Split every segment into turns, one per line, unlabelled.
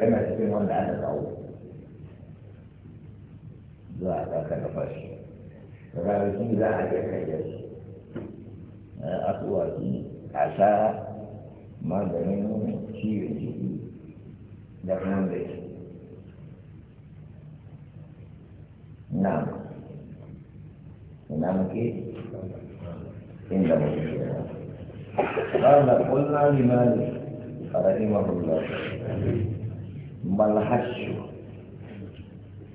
yana cikin wanda aka kawo za a kaka da fashi rarraki za a iya kai da shi asuwaki a sha maganin ciwon jiki da kuma da shi na ina muke inda muke قال قلنا لمالك رحمه الله malhashu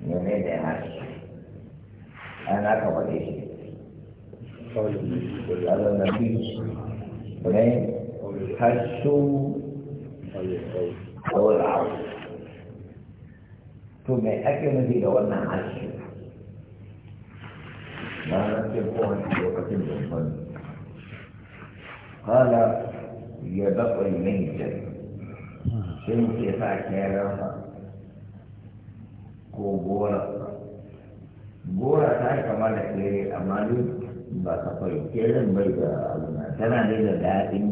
mene da hashu ana ka wade shi قال النبي بنين حسوا أو العرض ثم أكمل في دولنا حسوا ما نتبقون في وقت المنزل قال يبقى الميتة mutum ke sa kerarsa ko gora gora ta yi kama da kere amma duk ba ka fari keren bai da abuna tana dai da daɗin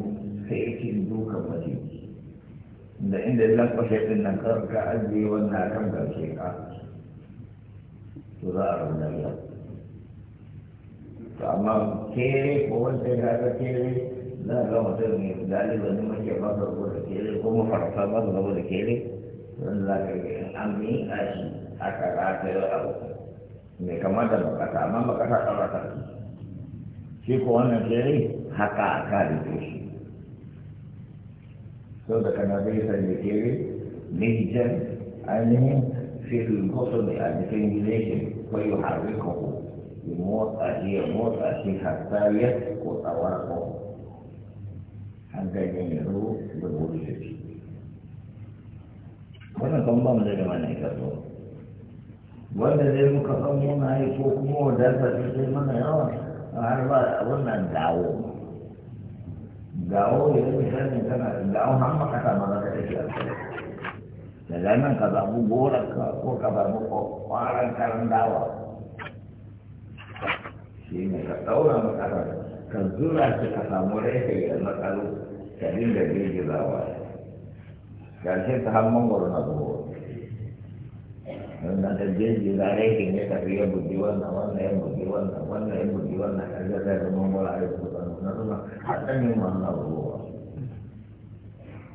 sai ke dukan mace da inda lankwashe ɗin nan ka ajiye wannan kan karshe ka to za a rauna yau to amma kere ko wancan ya kere na ga mutum mai galiba ne mace ba su da kere ko mafarauta ba su rabu da kere don za ka ga in an bi a shi aka rata yau abu mai kama da bakata amma bakata ɗaura ta shi ko wannan kere haka aka rike shi sau da kana zai sanya kere jan ainihin fil gosol a jikin relation ko yi harbe ko yi motsa shi ya motsa shi hatta ko tsawar ko garin yaro da wuri da shi wannan kan ba mu da mana ya karbo wanda zai muka san muna yi ko kuma wadata ta sai mana yawa har ba a wannan dawo dawo ya yi sanin tana dawo har makasa ma za ka ke a da zanen ka zaɓu gorarka ko ka zaɓu kwaran karan dawa shi ne ka ɗaura makasa ka zura su ka samu rai ya matsalo ka dinga girgizawa ƙarshen ta har mangwaro na zuwa wannan ta girgiza rekin ya tafi ya bugi wannan wannan ya bugi wannan wannan ya bugi wannan ƙarshen zai ga mangwaro a yau kusa na zuwa har ɗan yin wannan zuwa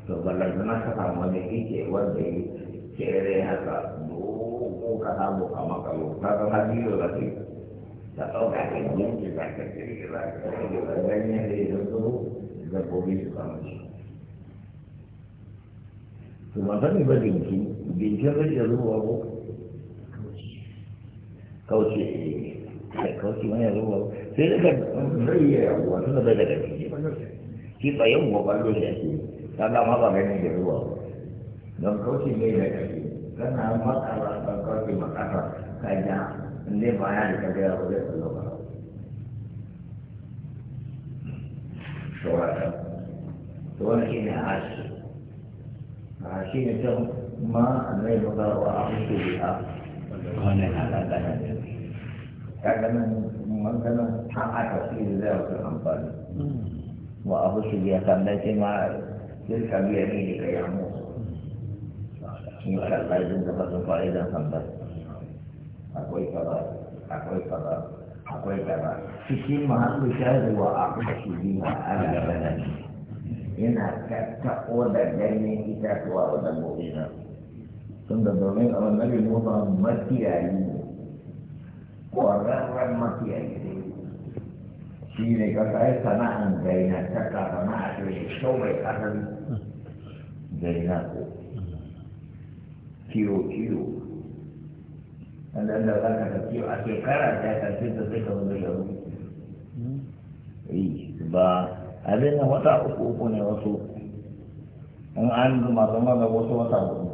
to ballantana ka samu wani ike wanda ya kere haka dogo ka samu a makalo ka ga biyu da ta ɗauka ka girgiza ka girgiza ka girgiza ganyen da ya zo Thì mà dabbobi su kama shi to ba sani ba dinki dinkin rage zuwa ko kauce vào. Thế mana cái sai da ka zai yi bây giờ cái gì, da gaske shi tsayin bạn ba dole ake ta này dama ba ganin da zuwa don kauce mai da gaske kana matsala don kauce makasa ka ja ne ba ya da ka gaya ba zai tsalo ba شهداء ولكن عاشين عاشين لهم ما أنا يبقى وأعطوا بها وأنا على بلد كان من منزل حق رسول الله في وأبو كان مع تلك بيمينك يا موسى إن شاء الله يجب أن تفضل أقوي فضاء أقوي فضاء akwai gaba cikin mahallu shahadu wa a kusurbi wa ala badani yana tattaɓo da ganyen itatuwa wa dabbobi na tun da domin a wannan yin noma makiyayi ne ƙwararren makiyayi ne shi ne ka kai sana'an gaina ta ka sana'a ta yi shau mai ƙasar gaina ko Kiro-kiro. sannan da za ka tafi a shekara ta karfi da zai ka zai yaro ba abin nan wata uku uku ne wasu in an zuma zama da wasu wata uku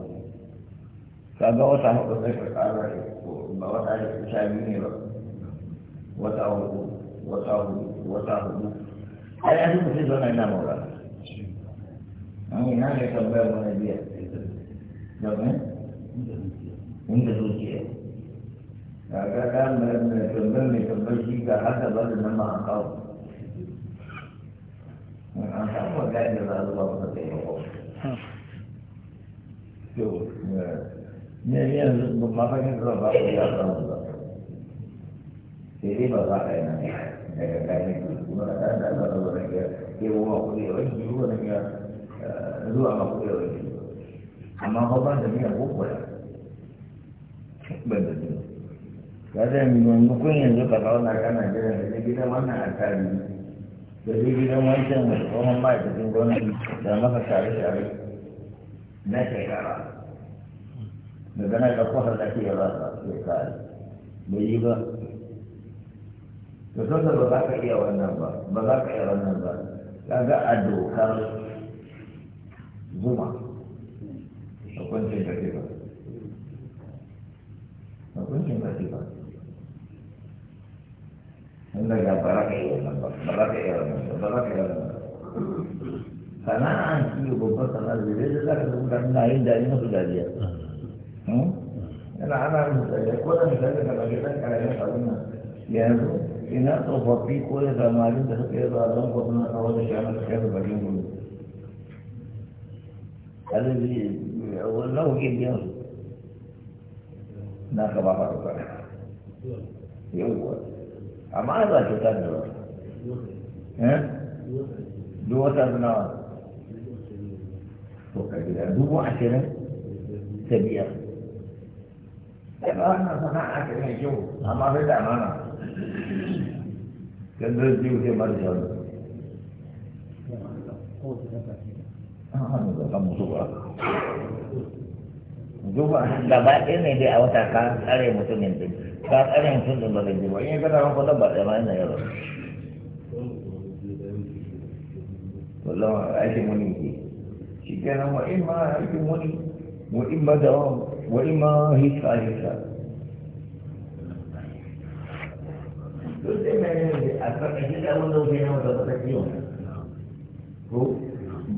kaga wata hudu zai ka kara ba wata da sha biyu ne ba wata hudu wata hudu wata hudu ai an zuma sai zauna ina maura an yi na ne tambayar mana biya da ne inda zuciya kaga da mai tambar mai tambar shi ga haka ba da nan ma an kawo an samu ga yadda za zuwa masa taimako to ne yanzu mafakin zuwa ba ku ya samu ba sai dai ba za a yi nan daga gani kuma da ɗan da ba zuwa daga kewa ma kuɗi wani zuwa daga zuwa ma kuɗi wani amma ba ban da miyan kukuwa ban da ya yanzu kun yanzu ka zauna kana jiran da gidan wannan a tari da zai gidan wancan mai tsohon cikin gwamnati da maka tare tare na shekara da gana da kwasar da ke yi ba ta shekara bai yi ba da sassa ba za ka iya wannan ba ba za ka iya wannan ba ka ga a dokar zuma a da ke ba hukuncin da ke ba Anda tidak barak ya, barak ya, barak ya. Karena anti bobot karena diri kita kemudian lain dari itu sudah dia. Hmm? Karena anak saja, kurang saja kalau kita kalian tahu nah, ya itu ina to hobi ko ya samari da suke da Allah ko kuma kawo da shi ana cikin bakin gudu. Alladhi wallahu kibiyan na ka ba faru ba. Yawwa. amma ai ba cuta da ba eh? duk wata da to ka gida dubu ashirin da biyar daga wannan sana'a ta mai kyau amma sai da amana kan jiwu sai mara shawar gaba ɗaya ne dai a wata ka tsare mutumin din ka tsarin sun da bada ji ba in ka tsarin kwallon ba ɗaya ma na yaro wallawa aikin wani ke shi kenan wa ma aikin wani wa in ma dawa ma hisa hisa da wata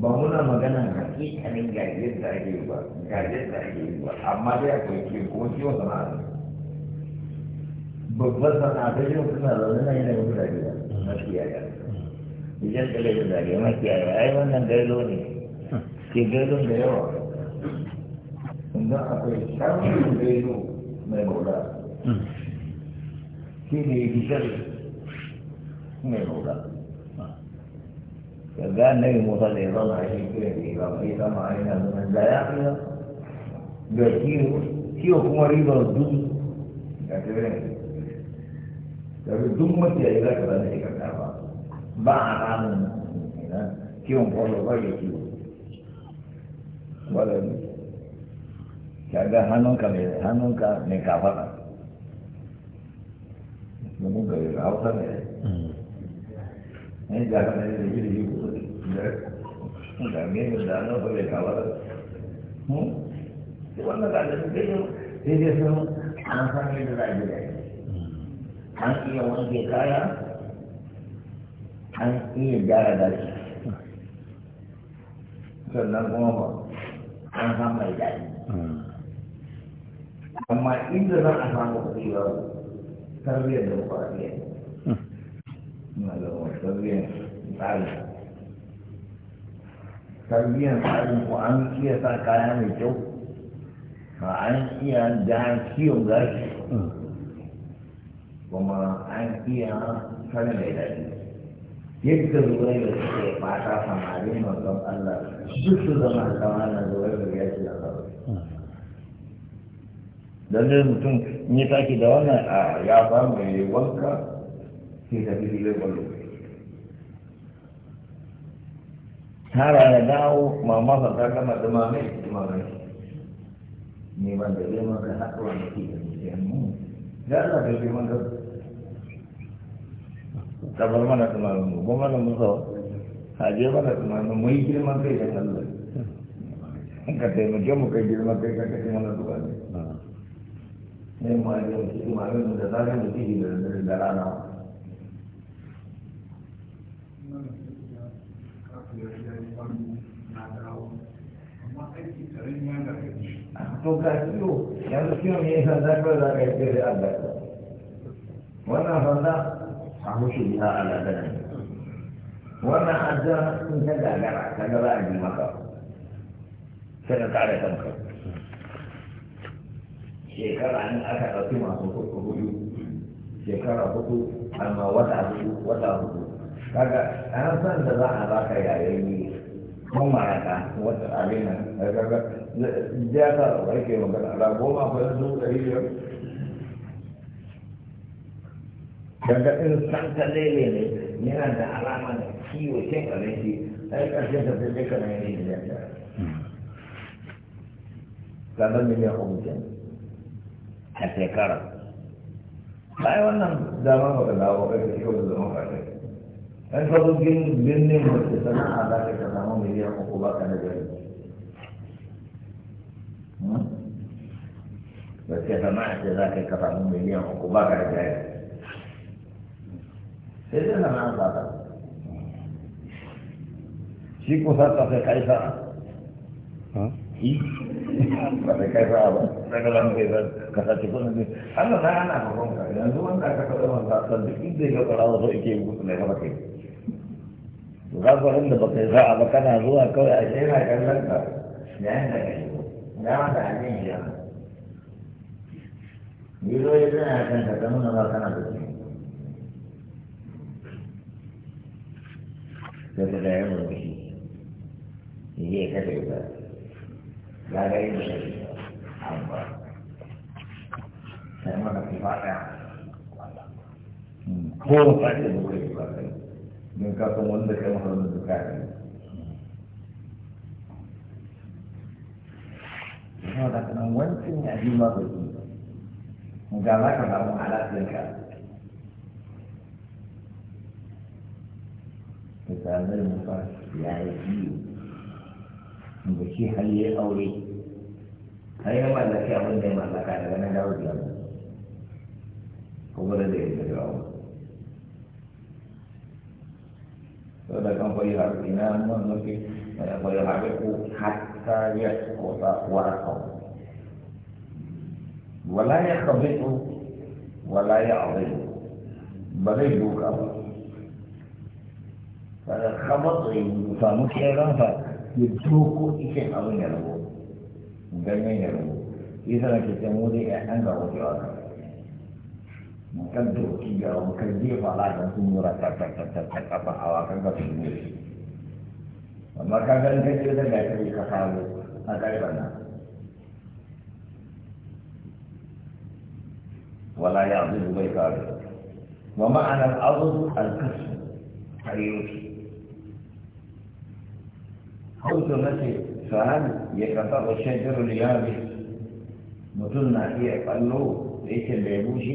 ba muna magana hakikanin gajiyar da ake yi ba gajiyar da ake yi ba amma dai akwai ciwon ko ciwon sana'a babban sana ta yau suna zaune na yanayin mutane na kiyaya idan ka laifin zage ma ai wannan gailo ne ke gailon da yawa idan akwai shawarar gailo mai maula shi ne bishar mai maula kaga annabi musa da ya zama a shi kira da ya zama ya zama a yana zama da ya fiya da kiwo kuma ribar duk da ta domin duk mafiyayi za ka zana ya karɓa ba ba a ranar kiwon kwallo ba ya kiwo wala ne kaga hannunka mai hannunka mai kafaɗa domin ga yi hausa ne ne ga kan da yi da yi da ne da nan ba mai kafaɗa wannan ga da ne sai dai sun an san yadda da yi an iya wanke kaya an iya gyara gashi sannan kuma ba an samu mai daɗi amma inda za a samu kuɗi ba tarbiyyar da ba a iya malawa tarbiyyar tsari tarbiyyar tsarin ko an iya sa kaya mai kyau ba an iya da kiyon gashi kuma an iya kan mai daɗi yadda zuwa da suke fata samari manzon Allah duk su zama kama na zuwa da ya ce Allah dan dai mutum in ya taki da wannan a ya samu mai wanka sai ta tafi filin kwallo tara ya dawo mamasa ta gama dumamai dumamai ne wanda zai maka haɗuwa da ke da mutum ya Allah bai bai maka kamar mana tunanin mu ba mana musa haje mana tunanin mu yi girman kai da sallah in ka taimake mu kai girman kai ka kashe mana duba ne ne ma yau ki ma yau da zafi mu ci da da rana to ga yanzu kiyo ne yasa za ka yi sai Allah wannan sanda a mushi biya a ladanin wannan addu'a sun ta gagara ta gaba a ji maka sai ka kare kanka shekara in aka ɗauki masu kuɗi hudu shekara hudu amma wata hudu wata hudu kaga an san da za a baka yayin yi kun maraka wata abin nan kaga ya ka wai ke magana ra goma fa yanzu ɗari biyar daga in san lele ne yana da alama da ciwo cin abinci ai ƙarshen ta sai kana yin da ya ta ga miliyan uku a shekara bayan wannan dama ba ka dawo kai ka shiga da zama ƙarshe an ka zo birnin mace sana'a za ka samu miliyan uku ba ka na gari mace hmm? sana'a ce za ka samu miliyan uku ba ka na gari sai dai na nan zata shi ta sai kai sa'a ba sai kai sa'a ba daga nan kai sa ka sa ci kuma Allah ta ana ka yanzu wanda ka faɗa wanda ta duk inda ya fara da so yake gudu ne ba kai za ku ba kai sa'a ba kana zuwa kawai a shi yana kallon ka yayin da ka shigo a yin shi yana zo ya zana kan ka na ba kana da shi sai ka ga yaron kashi ne ya kashe ba ba ga yi da shi amma sai maka fi fada ko fadi da wuri ba kai mun ka san wanda kai mahallin da ne Kalau tak kena wancing, ya lima bagi. Enggak lah kalau alat lengkap. زامل مفرس يعيدي مبشي حليه قولي هيا ما لك يا من دي ما لك أنا أنا جاوز لنا كبرة دي اللي جاوز فإذا كان في حرب إمام ونكي في حرب حتى يسقط ورقه ولا يخبطه ولا يعظمه بل يدوك أمره خبط فمشي لهم فيبتوه كل شيء قوي يلعبوه مجرمين يلعبوه إذا لم تتموا لي أحنا بغوتي أرى مكبتوا كي يرى مكبتوا فلا تنسوا مرتبتك فحواكك بسنوش وما كان كان كان كده ده كده كفاله هكذا انا ولا يعذب بيكار وما انا الارض الكسر خيروشي hauto mace sa'an ya kafa bashe jirin yawon mutum na iya kallo da yake mai bushi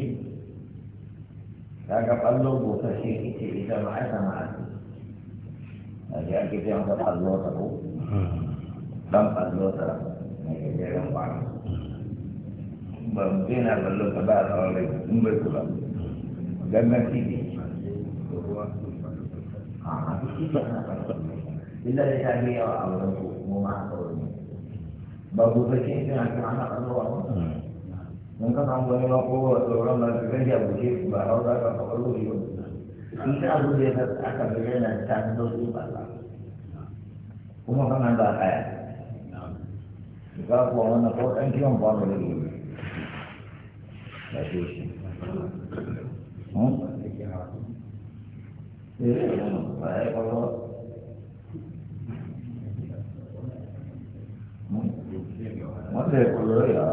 daga kallo gota shi ita ita ma'aika ma'aika a ji ake jan ga ta ko dan kallo ta mai gajeren kwana ba mu zai na ta ba a tsawarai in bai kula gannan tv a hannun tv na kallo إلا لتعبير أو رسول وما أقولني babu sarki suna kan ana ƙarfawa don ka samu wani mako wa tsoron ba ka gaji abuce ba hau za ka kaɓar wuri ba in ka abu da ya aka bi yana ta ta sauƙi ba kuma kana ba kaya ka kuwa wannan ko ɗan kiwon ba mu da gobe ba ce shi Eh, ba ya kwallo wanda ya kullo ya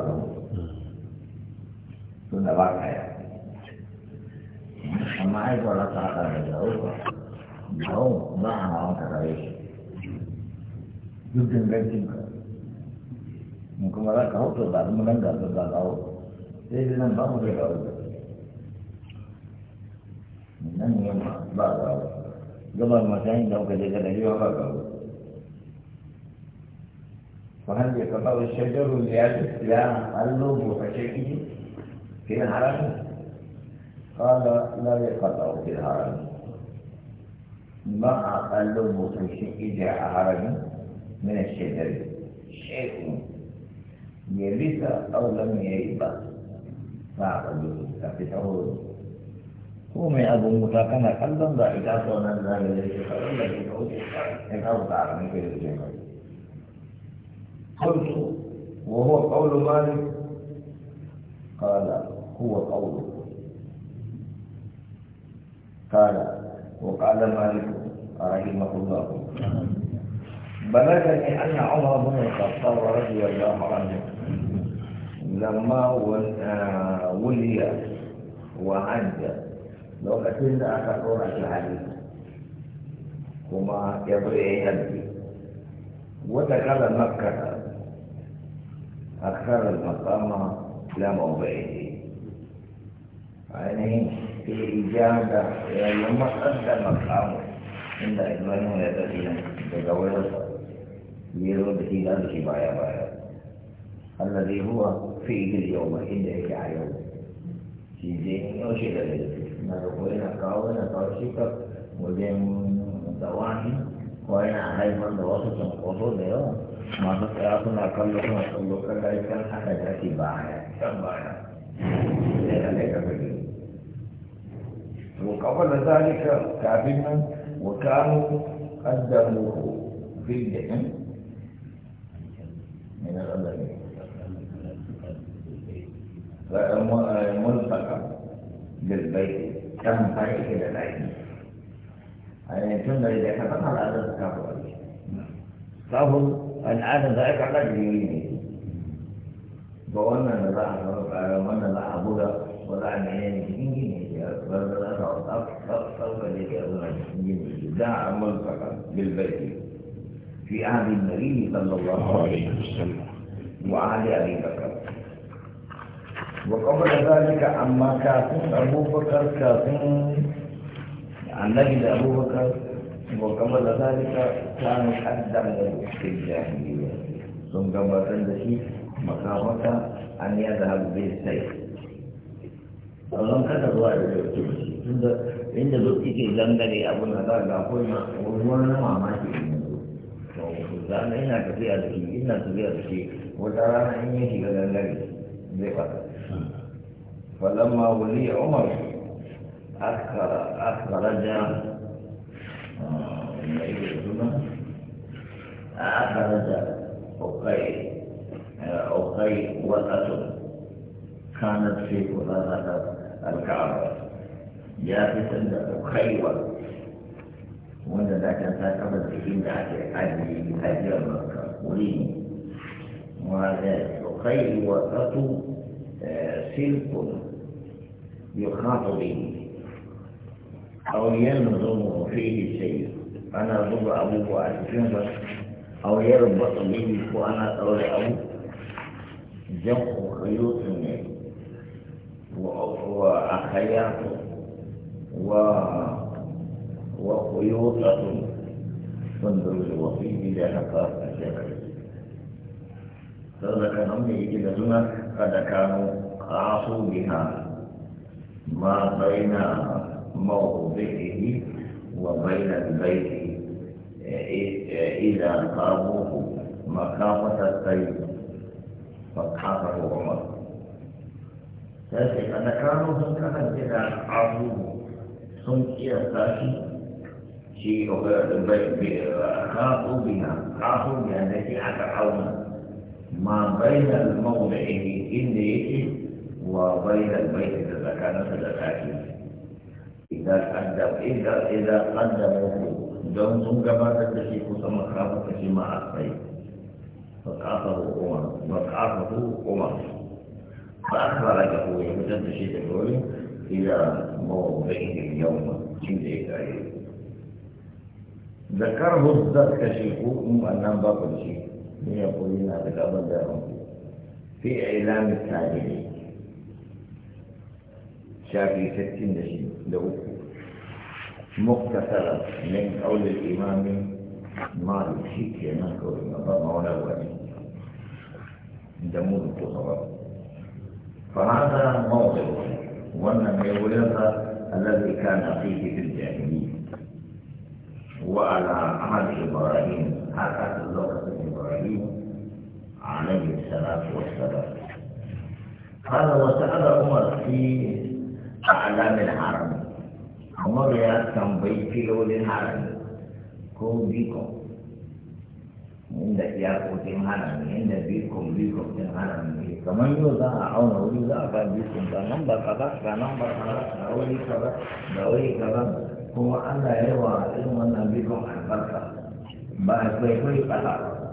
tôi là ba kaya amma ai ba ta hada da jawo ba jawo ba a hawa ka rayu cũng gangancin ka in kuma za ka hau to ba mu nan ga nên kawo sai dai nan ba mu da kawo nan ne ba mà gaba masayin da kuka cái này da ba kawo وهل يتطور الشجر لهذا لا قلب متشكل في الهرم قال لا يقطع في الهرم مع قلب جاء هرم من الشجر شيء يرث أو لم يرث فاعبدوه ففتحوه هو من أبو موسى كان قلبا ضعيفا ومن ذلك يقول لك يقول لك يقول من كل شيء قلت وهو قول مالك قال هو قول قال وقال مالك رحمه الله بلغني أن عمر بن الخطاب رضي الله عنه لما آه، ولي وعد لو كتبت أكثر الحديث وما يبرئ يدي ودخل مكة أخر المقام إلى موضعه يعني في إجابة يوم أدى مقامه عند إدوانه يتسلم بقوله يرد إلى الكباية بايا الذي هو في فيه اليوم إنك عيوم في ذهن يوشي لذلك نرقوين أكاونا أقاوشيك وذين دواني وإن أحيان من دواسة وصول ليوم masu tsaya suna kallo suna kallo kan laifin haka da ake ba haya can ba haya da ya وقبل ذلك كابنا وكانوا قدموه في الجحيم من الأولين ملتقى للبيت كم بيت إلى العين أي ثم إذا كتبنا على هذا التكافؤ فهم al'adar da aka haɗa da yi ne ba wannan da za a zama ƙarar wannan za a buga ba za a nene ne cikin gini ne a bar da za a tsarka ne ke zuwa cikin gini ne za a mulkaka bilbaiti fi ahadin nabi sallallahu alaihi wasallam wa ahadi abi bakar وقبل ذلك أما كافٍ أبو بكر كافٍ عن نبي أبو بكر وقبل ذلك كان قدم له في الجاهلية ثم قبل ذلك مقامك أن يذهب بالسيف أظن كذا ظاهر الكتب عند ذلك جنجلي أبو الهدى يقول وانا ما ماشي zama ina tafiya da shi ina tafiya da shi wata rana in yi shiga dangare zai fata falamma wuli umar askara da أخرج أقي كانت في قرآن الكعبة جاءت عند أقي وقت وأنا ذاك أنت في أجل أجل مكة ولين وهذا أقي سلك يخاط به أو ينظم فيه شيء أنا ضر أبوه على الجنب أو يربط به وأنا أولى أبو جمع خيوط وأخياط و وخيوطة منذ الوصيد إلى نقاط الجبل فذلك نمي إلى ذنك قد كانوا قاصوا بها ما بين موت موضعه وبين البيت إيه، إذا قاموه مخافة الطيب فقافه عمر لكن كانوا هم كانت إذا عظموا سنكي أساسي شيء أخافوا بها خافوا بها التي أتعاون ما بين الموضعين إن يجي وبين البيت إذا كانت الأكل إذا قدم إذا don sun gabatar da shi kusan makafa shi ma a ba kafa hukuma makafa hukuma ba a fara da kuma ya fitar da shi da dole ila mawabin yau ma shi da ya kare zakar huzzar ka shi ko in wannan ba ku shi ne ya kuma yana da gaban da ranku fi tare شافي ستين دشي لو مختصرا من قول الإمام مالك شيك ينكر مولا ولي دمور التصور فهذا موضع وانا من الذي كان فيه في الجاهلية وعلى عهد إبراهيم حتى لغة إبراهيم عليه الصلاة والسلام قال وسأل عمر في من الحرم عمر يا تنبي كيلو للحرم كون بيكم عند ياقوت الحرم عند بيكم بيكم الحرم كمان يوزع أو نوزع بيكم كنمبر كذا كنمبر كذا نوري كذا نوري كذا kuma Allah ya wa irin wannan bidon albarka ba a kwaikwai kala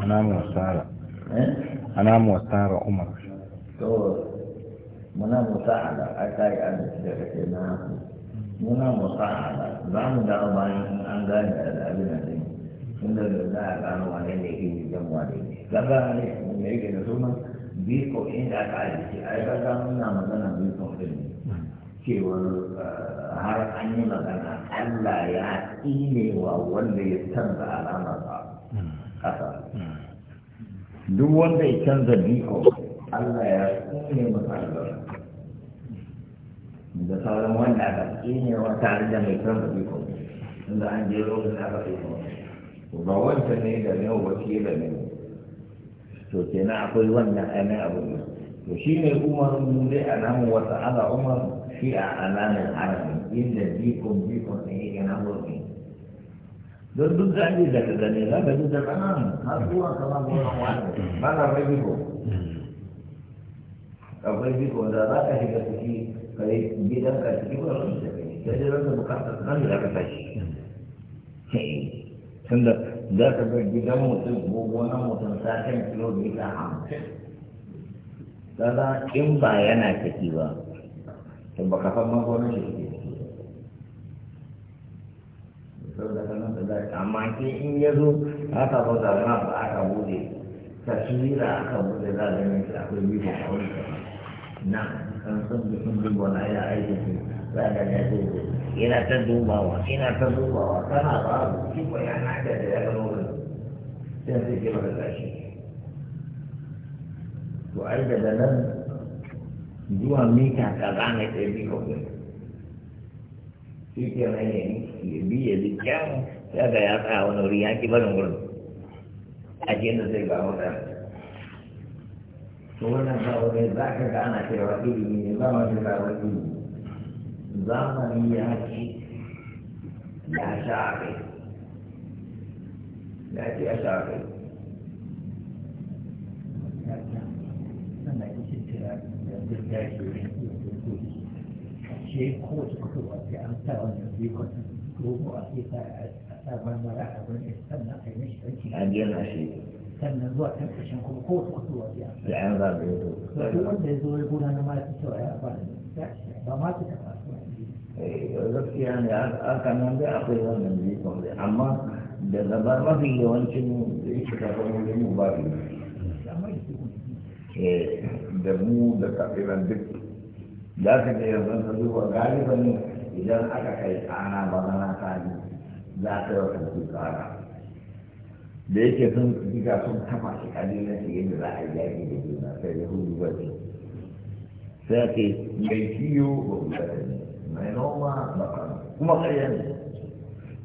ana mu wasara ana mu wasara umar to muna musa'ala a kai an da kake na haku muna musa'ala za mu dawo bayan an gane da abin da ne tunda da za a gano wane ne ke yi jan wane ne kaga ne mai yake da suna biko inda aka aiki ai kaga muna magana biko din cewar eh, har an yi magana Allah ya wa wanda ya canza alama ba hmm. kasa hmm. duk wanda ya canza biko Allah ya kone masa da sauran wanda aka tsine wa tare da mai kan biko inda an je lokacin aka tsine ba wanda ne da ne wa da ne to kenan akwai wannan ana abu ne to shi ne umar mu dai alamu wata ala umar a alamin haramin inda bikon bikon ne yake na don duk da ka za ka ji da na ko akwai biko wanda za ka shiga ciki ka yi gidan ka ciki ba su da kai sai dai zaka bukatar kan da ka tashi tunda za ka ga gidan mutum ko gonan mutum satin kilomita hamsin kaga in ba yana ciki ba to ba ka san magonin shi ke saboda kanan da zai amma ke in ya zo aka bauta ba aka bude taswira aka bude za a ganin akwai biyu ba wani na an san da sun duba na ya aiki za ka ga ce yana ta dubawa yana ta dubawa kana ba shi ko yana da da ya gano sai sai ke maka gashi to ai daga nan zuwa mita kaza na bi biyu kawai shi ke nan ya yi biye da kyan ya ga ya tsaya wani wuri ya ki barin wurin a jiyan da zai ga wani to wannan kawo za ka ga ana cewa ilimi ne ba ma shi kawo ilimi zamani ya ce ya sha a kai ya ce ya sha kai ce ko an sa wannan zikon ko a sai sa shi. sannan zuwa kan ƙarshen kuma ko wasu wasu wasu ya da an zaɓe ya zo wanda ya zo ya gona na mata cewa ya ba da ba ma ta taɓa eh, gaskiya ne a nan dai akwai wannan jikon dai amma da gaba mafi yawancin da yake kuma wajen mu ba su eh, da mu da kafiran duk za ka ga yanzu ka duba ne idan aka kai kana ba na kaji za ka yi wa kanki kara da yake sun diga sun kafa shi kalilan shi yadda za a yi yaƙi da juna sai ya hudu ba sai ake mai kiyo ba ku da ne mai noma ba ka kuma ƙarya ne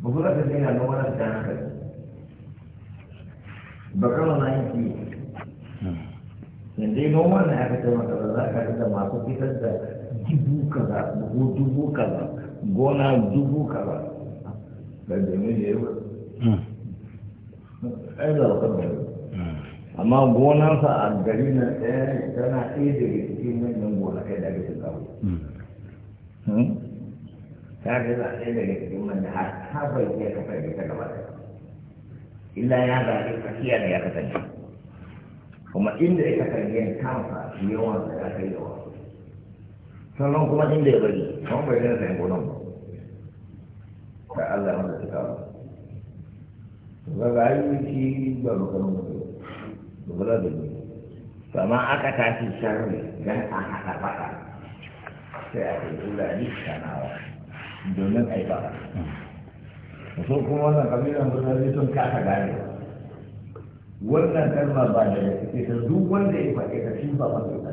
ba ku da ka ne na noma na ta hankali ba ka na yin kiyo yanzu noma na aka ce masa ba za ka da masu fitar da dubu kaza buhu dubu kaza gona dubu kaza ba domin da yawa ai da wata bari amma gonansa a gari na ɗaya tana ɗaya daga cikin manyan gonakai da ake kawo hmm? ta ce za a ɗaya daga cikin manyan har ta bai iya kasance ta gaba ɗaya illa ya zaɓi tsakiya da ya kasance kuma inda ya kasance kansa yawan sa ya kai yawa sannan kuma inda ya bari kuma bai zai sayan gonan ba ta Allah wanda ta kawo ba ga ayyuki ba maganin ba ba da ne kama aka tashi sharri don a haɗa baka sai a kai ɗora ni nawa? domin a yi baka so kuma wannan kabilan burtali sun kasa gane wannan kalma ba da ita ta duk wanda ya faɗi ta cufa ba ta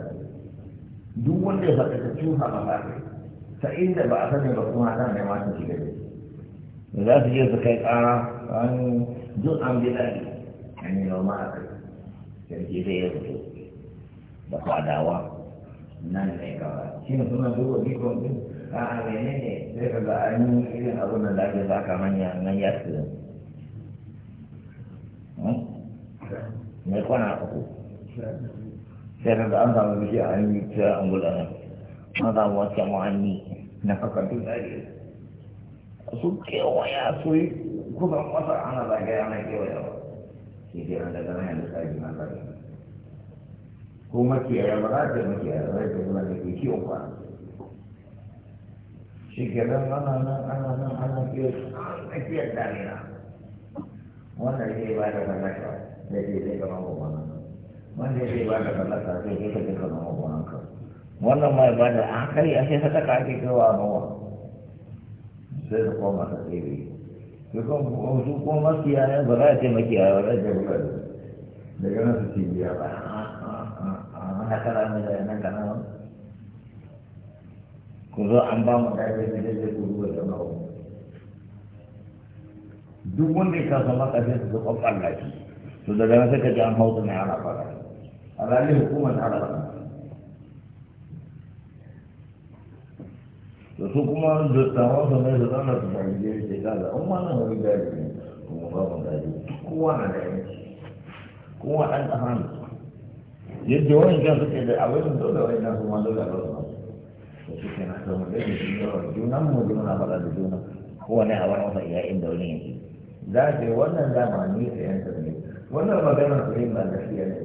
duk wanda ya faɗi ta cufa ba ta ta inda ba a sani ba kuma a haɗa da ma su shiga ne za su je su kai ƙara عن جزء عن بلادي يعني لو ما أكل يجي زي يخطو بقى دعوة nan ne kawai shi ne suna duba bikon din a mene ne sai ka ga an yi irin abin da ake baka manya manya su mai kwana uku sai ka ga an samu biki an yi ta an gudanar an samu wancan ma'anni na haka duk da su kewaya su yi kusan masa ana zagaya ana kewayawa shi dai an daga nan da tsari na zagaya ko makiyaya ba za ta makiyaya ba ta kula da ke kiwon ba shi ke nan ana nan ana nan ana kiwon tsakiyar damina wannan zai ba da mallaka da ke zai gama ba wannan wanda zai ba da mallaka zai ke ka duka gama ba wannan wannan mai ba da hankali a ake koma ta kuma su kuma makiyaya ba za a ce ba a ce ba daga nan su ce biya ba ana kara mai da yanan kana ba ku zo an ba mu ƙarfi da daidai ku ruwa da mawa duk wanda ya kasa maka sai su zo ƙwaƙwalla shi to daga nan sai ka ji an hausa mai ana fara a ranar hukumar ana da su kuma dattawan su ne da zana su da gajiyar ke kaza an wannan wani daji ne kuma babu daji kowa na da yanci kowa ɗan ƙasa ne yadda wani jan suke da abin da dole wani na kuma dole a rasa da su ke na samu da yake shi yawan junan mu da muna faɗa da juna ne a wani wata iya inda wani yake za a ce wannan dama ni a yanta ne wannan magana su yin ba gaskiya ne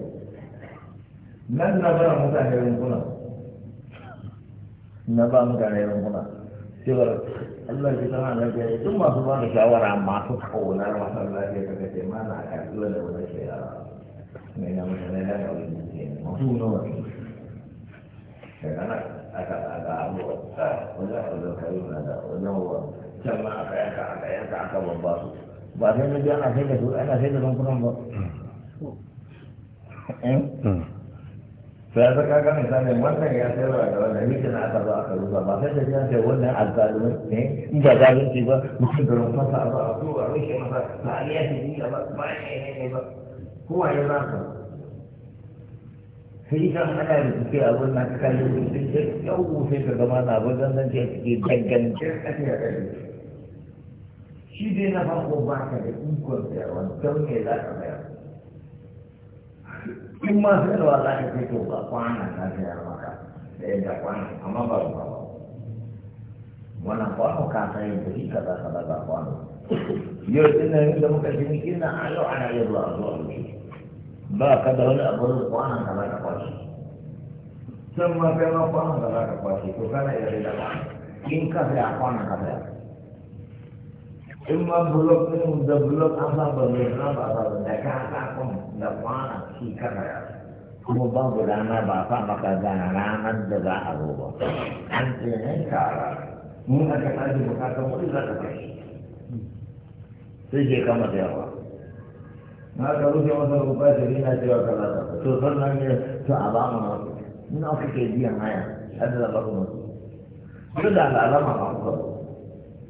nan na bara mutane rumfunan na ba mu gane rumfuna cewar Allah ya san duk masu ba da shawara masu kaunar masu lafiya da wani shi na mutane wani ne ne aka aka abu wanda zo kai na da wa can ma aka yanka aka yanka aka babba su ba sai mun ji ana sai da su ana sai da ba mm. Eh? Mm. sai ta kaga misalin wannan ya sayarwa da wannan mikin aka zo aka rusa ba sai da ya ce wannan azzalumin ne in ba zalunci ba mutum da ba a zo a rushe masa ba a yi shi ba ba ne ne ba kowa ya za ka sai kan ana da suke abin na ka kalli sun ce yau sai ka gama na abin zan zan ce suke dangance a ce ya kai shi dai na farko ba ka da ikon sayarwa don me za ka sayar in ma sayarwa za ka fito ba kwana ta sayar maka da yadda kwana amma ba ba ba wannan kwano ka ta yin kuɗi ka za ka daga kwano yau ina yin da muka jini ina a yau ana yin ruwa zuwa ne ba ka da wani abu da kwanan ka za ka kwashe san ma kai ma kwanan ka za ka kwashe to kana iya da kwanan in ka saya kwanan ka saya in ma blok ɗin da blok an ba ba mai na ba ba da ka sa kun da kwana ba maka da ranar da za a zo ba an ce ne kara mun aka tashi bukatan wani za ka kai sai kama da yawa na ka rufe masa rufa da rina cewa ka za ta to sannan ne a ba mu nasu ina da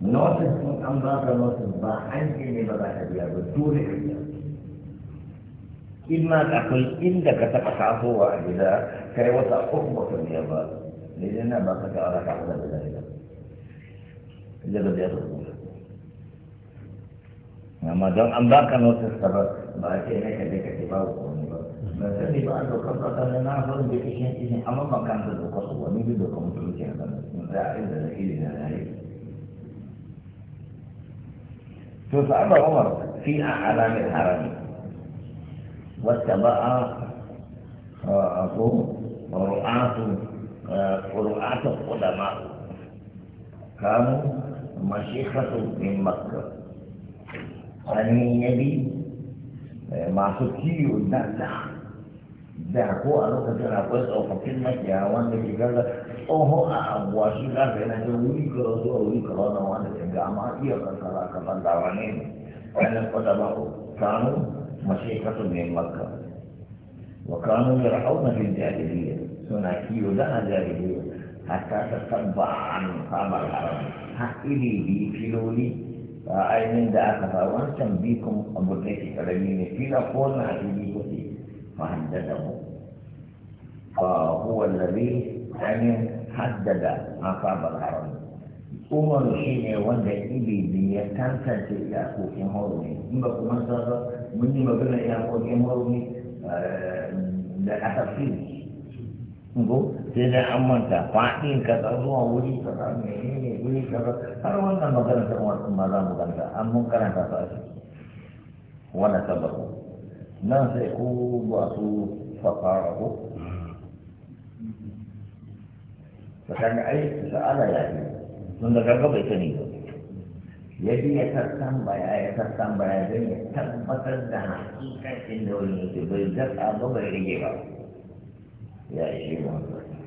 notice sun an ba ka notice ba an ne ba za ka biya ba dole ka biya in ma akwai inda ka taɓa tasowa a gida kai wata uku ba ka biya ba ne na ba ka ga ala ka da biya ba da da biya ba amma don an ba ka notice ka ba ba ce ne ka je ka ce babu komai ba ban sani ba an dokar ba ne na farin da kishin kishin amma ban kan da dokar wani bi dokar mutum ke nan za a inda da ilina na yi فصعب عمر فيها على من حرامي واتبع أقوم رعاة رعاة القدماء كانوا مشيخة من مكة أن النبي ما سكي يدعنا دعكو أنو كتنا قلت أو فكلمك يا وان نبي قال لك tsoho a abuwa shi za ka yana ce wuri kaza zuwa wuri kaza na wanda ta ga amma iya kankara ka san da wane ne wannan kwata ba ku kanu mashekatu ne makka wa kanu ya yarhauna bil jahiliyya suna kiyo da a jahiliyya hatta ta ta tabba an kamar haram har iri biyu filoli a ah, ainihin da aka fa wancan bikon abu da ke karami ne fila ko na iri ko ce fa haddada mu fa huwa ainihin haddada masabar haram umar shi ne wanda ilimi ya tantance iyakokin horumi in ba kuma sarra mun yi magana iyakokin horumi da asafiri ko sai dai an manta faɗin ka zuwa wuri kaza ne wuri kaza har wannan magana ta umar ma za mu ganta an mun karanta ta shi wannan sababu nan sai ku ba su fafara ko kaga ai ga ai ya yi don da kaga bai sani ba ya bi ya tartan baya ya tartan baya don ya tabbatar da hakikancin da wani yake bai zaka ba bai rage ba ya shi mu